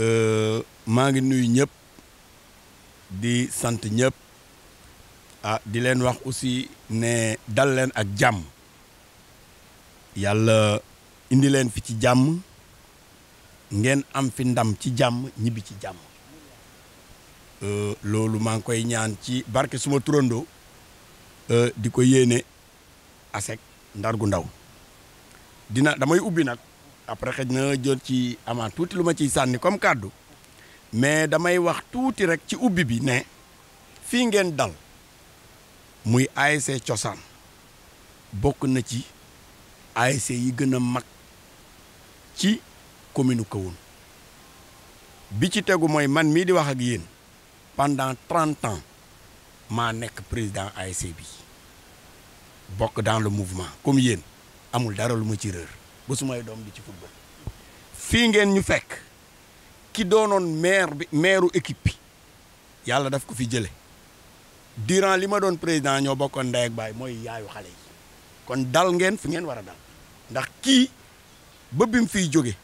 Euh, maa ngi nuyu ñëpp di sant ñëpp ah di leen wax aussi ne dal leen ak jàmm yàlla indi leen fi ci jàmm ngeen am fi ndam ci jàmm ñibbi ci jàmm euh, loolu maa ngi koy ñaan ci barke suma turandoo euh, di ko yéene asek ndar gu ndaw dina damay ubbi nag après xëj jot ci amaat tuuti luma ci sanni comme cadeau mais damay wax touti rek ci ubbi bi ne fi ngeen dal muy ASC cosaan bokk na ci ASC yi gëna a mag ci commune Kahone bi ci tegu moy man mi di wax ak yeen pendant 30 ans ma nek président ASC bi bokk dans le mouvement comme yeen amul dara ci reur ba dom doom di ci football fii ngeen ñu fekk ki doonoon maire bi maireu équipe bi yàlla daf ko fi jële durant li ma doon président ñoo bokkoon ndey ak baay mooy yaayu xale yi kon dal ngeen fi ngeen war a dal ndax kii ba bi mu fiy jóge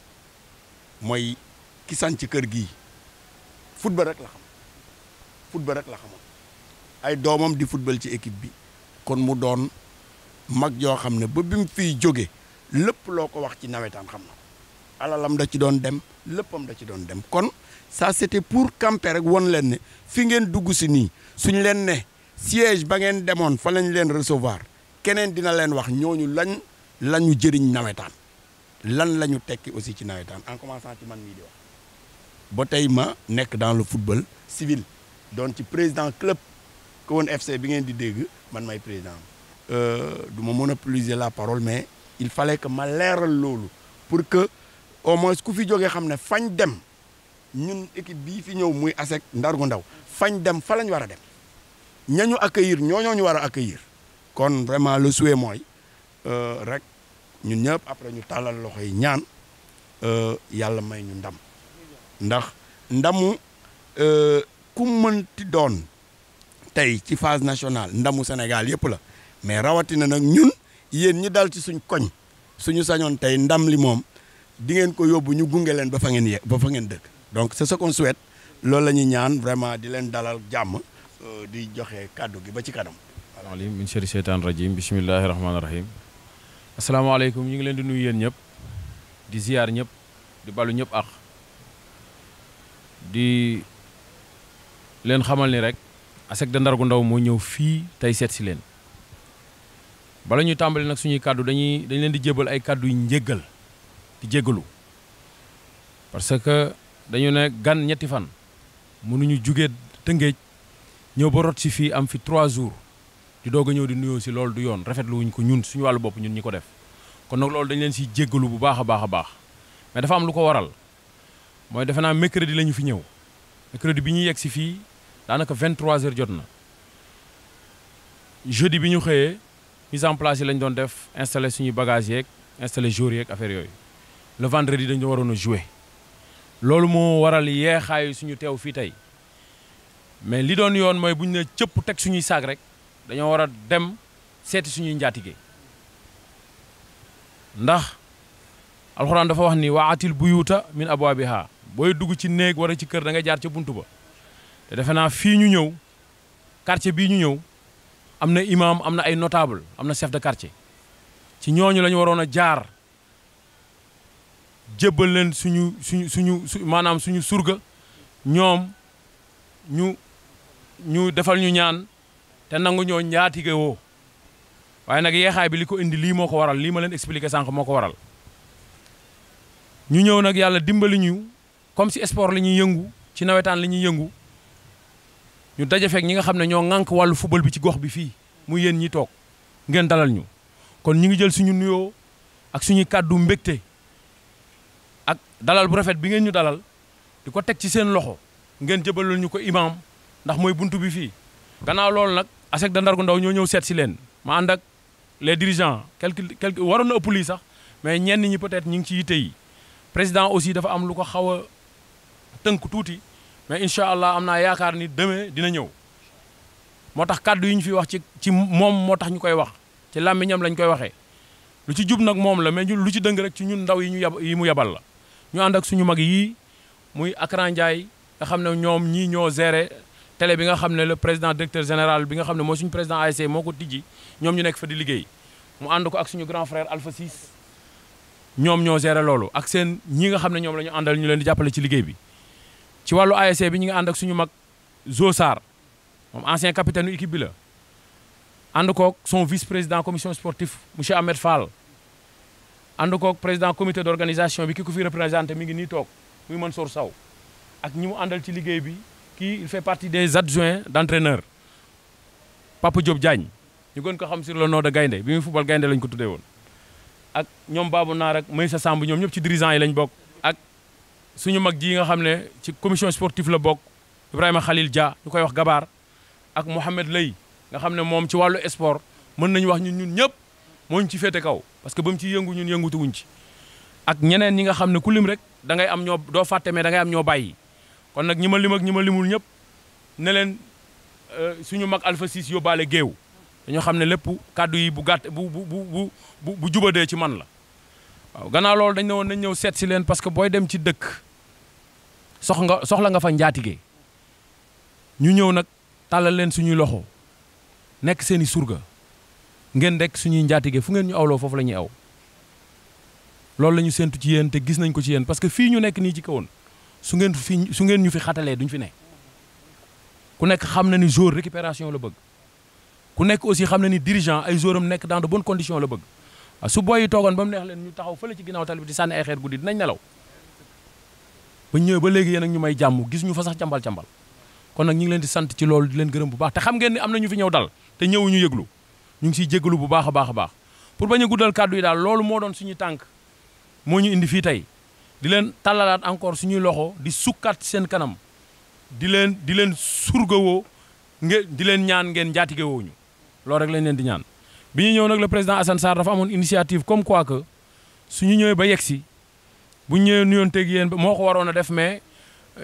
mooy ki sanc kër gii football rek la xam football rek la xamoon ay doomam di football ci équipe bi kon mu doon mag yoo xam ne ba bi fiy lepp loo ko wax ci nawetaan xam na ko alalam da ci doon dem leppam da ci doon dem kon ça c'était pour camper rek won leen ne fi ngeen dugg si nii suñ leen ne siège ba ngeen demoon fa lañ leen recevoir keneen dina leen wax ñooñu lañ lañu jëriñ nawetaan lan lañu tekki aussi ci nawetaan en commençant ci man mii di wax ba tey ma nekk dans le football civil doon ci président club Kahone FC bi ngeen di dégg man may président euh, du ma monopoliser la parole mais il fallait que je lolo pour que au moins ce fi ne dem ñun équipe Nous fi muy ndar gu Ndaw fagn dem fa lañ wara dem ñañu accueillir ñoño ñu wara accueillir kon vraiment le souhait euh rek ñun Nous, après ñu talal Nous ñaan euh may ñu ndam ndax ndamu euh, ku mënti doon tay ci phase nationale ndamu Sénégal la mais yéen ñi dal ci suñ koñ suñu sañoon tay ndam li moom di ngeen ko yóbbu ñu gunge leen ba fa ngeen ye ba fa ngeen dëkk donc c'est ce qu'on souhaite loolu la ñaan vraiment di leen dalal jàmm euh, di joxe kàddu gi ba ci kanam alim min shari sheytaan rajim bisimillahi rahmaani rahim asalaamaaleykum ñu ngi len di nuyu di ziar ñëpp di balu ñëpp ak di len xamal ni rek ASEC de Ndargu Ndaw moo ñëw fii tey bala ñu tàmbali nak suñu kàddu dañuy dañ leen di jébal ay kàddu yu njéggal di jéggalu parce que dañu ne gan ñetti fan mënu mënuñu jugee tëngéej ñëw ba rot ci fi am fi 3 jours di doga a ñëw di nuyo ci lool du yoon rafetlu wuñ ko ñun suñu walu bop ñun ñiko def kon nak lool dañ leen ci jéggalu bu baaxa baaxa baax mais dafa am lu ko waral moy defe na mercredi lañu fi ñëw mercredi bi ñuy yegg ci fi danaka 23 trois heures jot jeudi bi ñu xëyee. mise en place yi lañ doon def installé suñuy bagages yeeg installé jour yeeg affaire yooyu le vendredi dañu waroon a jouer loolu moo waral yeexaayu suñu teew fii tey mais li doon yoon mooy bu ñu ne cëpp teg suñuy saag rek dañoo war a dem seeti suñuy njaatige ndax alxuraan dafa wax ni waatil buyuuta min abwaabiha booy dugg ci néeg wala ci kër da nga jaar ca buntu ba te defe naa fii ñu ñëw quartier bii ñu ñëw am na imam am na ay notable am na chef de quartier ci ñooñu la ñu waroon a jaar jébbal leen suñu suñu suñu su maanaam suñu surga ñoom ñu ñu defal ñu ñaan te nangu ñoo ñaatige woo waaye nag yeexaay bi li ko indi lii moo ko waral lii ma leen expliqué sànq moo ko waral ñu ñëw nag yàlla dimbali ñu comme si sport la ñuy yëngu ci nawetaan la ñuy yëngu ñu daje ñi nga xam ne ñoo ŋànk wàllu football bi ci gox bi fii mu yéen ñi toog ngeen dalal ñu kon ñu ngi jël suñu nuyoo ak suñuy kàddu mbégte ak dalal bu rafet bi ngeen ñu dalal di ko teg ci seen loxo ngeen jëbalul ñu ko imam ndax mooy bunt bi fii gannaaw loolu nag ASEC de Ndargu Ndaw ñoo ñëw seet si leen ma ànd ak les dirigeants quelque quelque waroon na ëpp sax mais ñenn ñi peut-être ñu ngi ci yitte yi président aussi dafa am lu ko xaw a tënk tuuti mais incha allah am naa yaakaar ni demee dina ñëw moo tax kàddu yi ñu fi wax ci ci moom moo tax ñu koy wax ci làmmiñam lañ koy waxee lu ci jub nag moom la mais lu ci dëng rek ci ñun ndaw yi ñu yi mu yabal la ñu ànd ak suñu mag muy Akran Ndiaye nga xam ne ñoom ñii ñoo géré télé bi nga xam le président directeur général bi nga xam ne mooy suñu président ASC nyu ko tijji ñoom ñu nekk fa di liggéey mu ànd ko ak suñu grand frère Alpha 6 ñoom ñoo géré loolu ak seen ñi nga xam ne ñoom la ñu leen di jàppale ci liggéey bi ci walu ASC e bi ñu ngi and ak suñu mag Zo mom ancien capitaine du équipe bi la ànd son vice président commission sportive monsieur Ahmed Fall ànd président comité d'organisation, bi ki ko fi représenter mi ngi ni tok muy sor saw ak ñi mu àndal ci liggéey bi ki il fait partie des adjoints d'entraîneur, Papa Diop Diagne ñu gën ko xam sur le nom de Gaynde bi football Gaynde lañ ko tuddee won ak ñom babu nar ak Maysa Samb ñom ñëpp ci dirigeant yi lañ Bok. suñu mag ji nga xam ne ci commission sportive la bokk Ibrahima Khalil Dia ñu koy wax Gabaar ak Mouhamed Lay nga xam ne moom ci wàllu sport mën nañu wax ñun ñun ñëpp moo ñu ci feete kaw parce que ba mu ci yëngu ñun yëngutuwuñ ci ak ñeneen ñi nga xam ne ku lim rek dangay am ñoo doo fàtte mais am ñoo bàyyi kon nag ñi ma lim ak ma limul ñëpp ne leen euh, suñu mag Alpha Cissé yóbbaale géew dañoo xam ne lépp kàddu yi bu gàtt bu bu bu bu bu jubadee ci man la waaw gannaaw loolu dañ ne woon nañ ñëw seet si leen parce que booy dem ci dëkk sox nga soxla nga fa njaatige ñu ñëw nag tàllal leen suñuy loxo nekk seeni surga ngeen rek suñuy njaatige fu ngeen ñu awloo foofu la ñuy aw lool la ñu ci yéen te gis nañ ko ci yéen parce que fii ñu nekk nii ci kawoon su ngeen fi su ngeen ñu fi xatalee duñ fi ne ku nekk xam na ni jour récupération la bëgg ku nekk aussi xam na ni dirigeant ay jouram nekk dans de bonnes conditions la bëgg su booy yi toogoon neex leen ñu taxaw fële ci ginnaaw tali bi di sànni ay xeer guddi ba ñëwee ba léegi yéen ak ñu may jàmm gis ñu fa sax càmbal càmbal kon nag ñu ngi di sant ci loolu di leen bu baax xam ngeen am ñu fi ñëw dal te ñëwuñu yéglu ñu ngi siy jégalu bu baax a baax baax pour bañ a guddal kàddu yi daal loolu moo doon suñu tànk moo ñu indi fii tey di leen tallalaat encore suñuy loxo di sukkaat seen kanam di leen di leen surgawoo nge di leen ñaan ngeen njaatigewoo ñu loolu rek lañ leen di ñaan bi ñu ñëw nag le président Assane Sarr dafa amoon initiative comme quoi que ñu ñëwee ba yegg si bu ñëwee nuyonteeg yéen moo ko waroon a def mais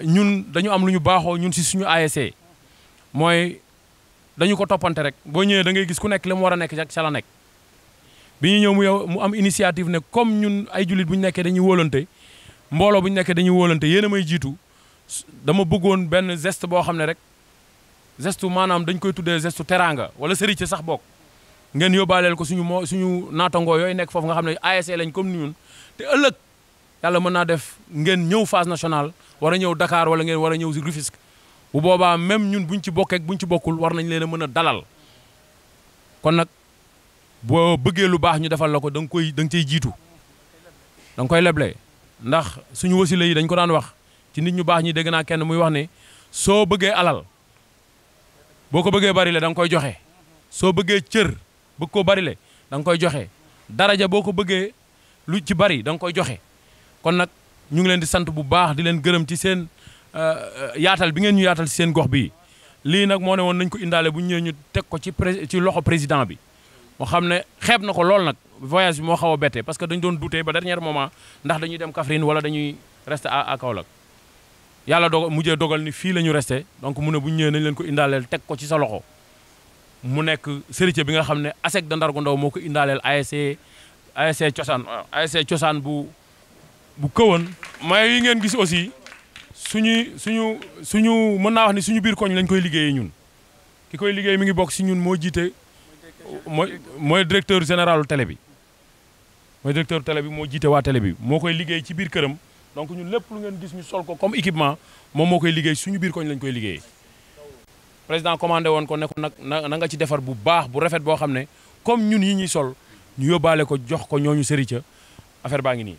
ñun dañu am lu ñu baaxoo ñun si suñu ASC mooy dañu ko toppante rek boo ñëwee da ngay gis ku nekk la mu war a nekk ca la nekk. bi ñu ñëw mu yow mu am initiative ne comme ñun ay jullit bu ñu nekkee dañuy wóolante mbooloo bu ñu dañuy wóolante yéen a may jiitu dama buggoon benn geste boo xam ne rek geste maanaam dañ koy tuddee geste teraanga wala sëriñ sax bokk. ngeen yóbbaaleel ko suñu moo suñu naatangoo yooyu nekk foofu nga xam ne ASC lañ comme ñun te ëllëg. yàlla mën naa def ngeen ñëw phase nationale war a ñëw dakaar wala ngeen war a ñëw si Rufisque bu boobaa même ñun bu buñ ci bokkee buñ ci bokkul war nañ leen a mën a dalal kon nag boo bëggee lu baax ñu defal la ko da nga koy da nga cay jiitu da koy leble ndax suñu wasila yi dañ ko daan wax ci nit ñu baax ñi dégg naa kenn muy wax ne soo bëggee alal boo ko bëggee bari le da koy joxe soo bëggee cër bëgg koo bari le da koy joxe daraja boo ko bëggee lu ci bari da nga koy joxe kon nag ñu ngi leen di sant bu baax di leen gërëm ci seen euh, euh, yaatal bi ngeen ñu yaatal ci seen gox bi lii nag moo ne woon nañ ko indaale bu ñu ñëwee ñu teg ko ci ci loxo président bi moo xam ne xeeb na ko lool nag voyage moo xaw a bette parce que dañu doon douté ba dernier moment ndax dañuy dem Kaffrine wala dañuy resté à yàlla dogal mujjee dogal ni fii la ñu resté donc mu ne bu ñëwee nañ leen ko indaaleel teg ko ci sa loxo mu nekk sërite bi nga xam ne ASEC da Ndargu Ndaw moo ko indaaleel ASC ASC cosaan ASC cosaan bu bu kawoon maillot yi ngeen gis aussi suñuy suñu suñu mën naa wax ni suñu biir koñ lañ koy liggéeyee ñun ki koy liggéey mi ngi bokk si ñun moo jiite mooy mooy directeur général télé bi mooy directeur télé bi moo jiite waa télé bi moo koy liggéey ci biir këram donc ñun lépp lu ngeen gis ñu sol ko comme équipement moom moo koy liggéey suñu biir koñ lañ koy liggéeyee président commandé woon ko ne ko nag na nga ci defar bu baax bu rafet boo xam ne comme ñun yi ñuy sol ñu yóbbaale ko jox ko ñooñu sëriñ affaire baa ngi nii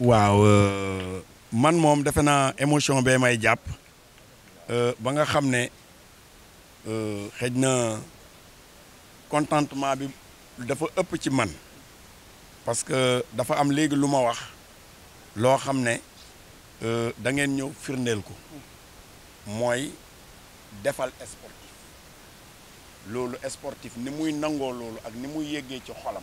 waaw euh, man moom defe naa émotion bee may jàpp euh, ba nga xam ne euh, xëj na contentement bi dafa ëpp ci man parce que dafa am léegi lu ma wax loo xam ne da ngeen ñëw firndeel ko mooy defal sportif loolu sportif ni muy nangoo loolu ak ni mu yéggee ci xolam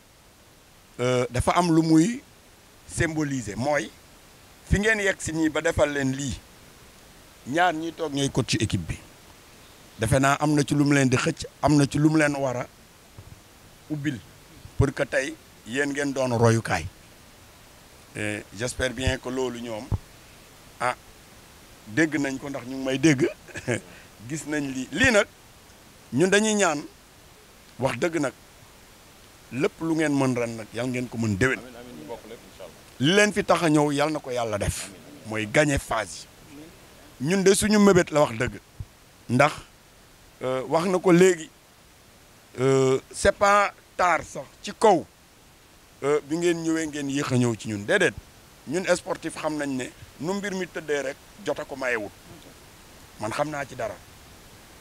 Euh, dafa am lu muy symboliser moy fi ngeen yek si ñii ba defal len li ñaar ñi tok ñooy coach ci équipe bi defe naa am ci lu mu leen di xëcc amna ci lu mu leen war a pour que tay yeen ngeen doon royukaay j'espère bien que lolu ñom ah dégg nañ ko ndax ñu may dégg gis nañ li li nak ñun dañuy ñaan wax dëgg nag lépp lu ngeen mën ren nag yal ngeen ko mën déwén li leen fi tax a ñëw yal na ko yàlla def mooy gagné phase yi ñun de suñu mébét la wax dëgg ndax euh, wax na ko léegi euh, c'est pas tard sax ci kaw euh, bi ngeen ñëwee ngeen yéex a ñëw ci ñun déedéet ñun sportif xam nañ ne nu mbir mi tëddee rek jota ko mayewut man xam naa ci dara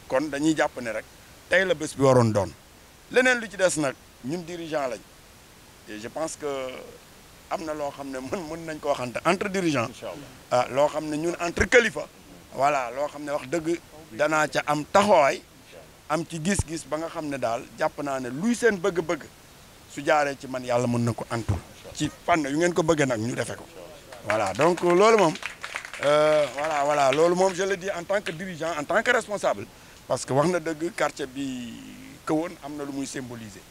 kon dañuy jàpp ne rek tey la bés bi waroon doon leneen lu ci des nag ñun dirigeant lañ et je pense que am na loo xam ne mën mën nañ ko waxante entre dirigeant ah loo xam ne ñun entre kilifa voilà loo xam ne wax dëgg danaa ca am taxawaay am ci gis-gis ba nga xam ne daal jàpp naa ne luy seen bëgg-bëgg su jaaree ci man yàlla mën na ko antu ci fànn yu ngeen ko bëggee nag ñu defe ko voilà donc loolu moom euh, voilà voilà loolu moom je le dis en tant que dirigeant en tant que responsable parce que wax na dëgg quartier bi kawoon am na lu muy symboliser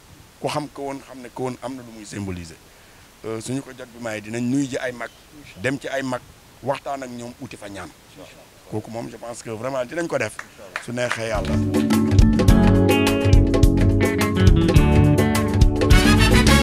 ku xam woon xam ne woon am na lu muy symboliser euh, suñu ko jot bi maay dinañ nuy ji ay mag dem ci ay mag waxtaan ak ñoom uti fa ñaan kooku moom je pense que vraiment dinañ ko def su neexee yàlla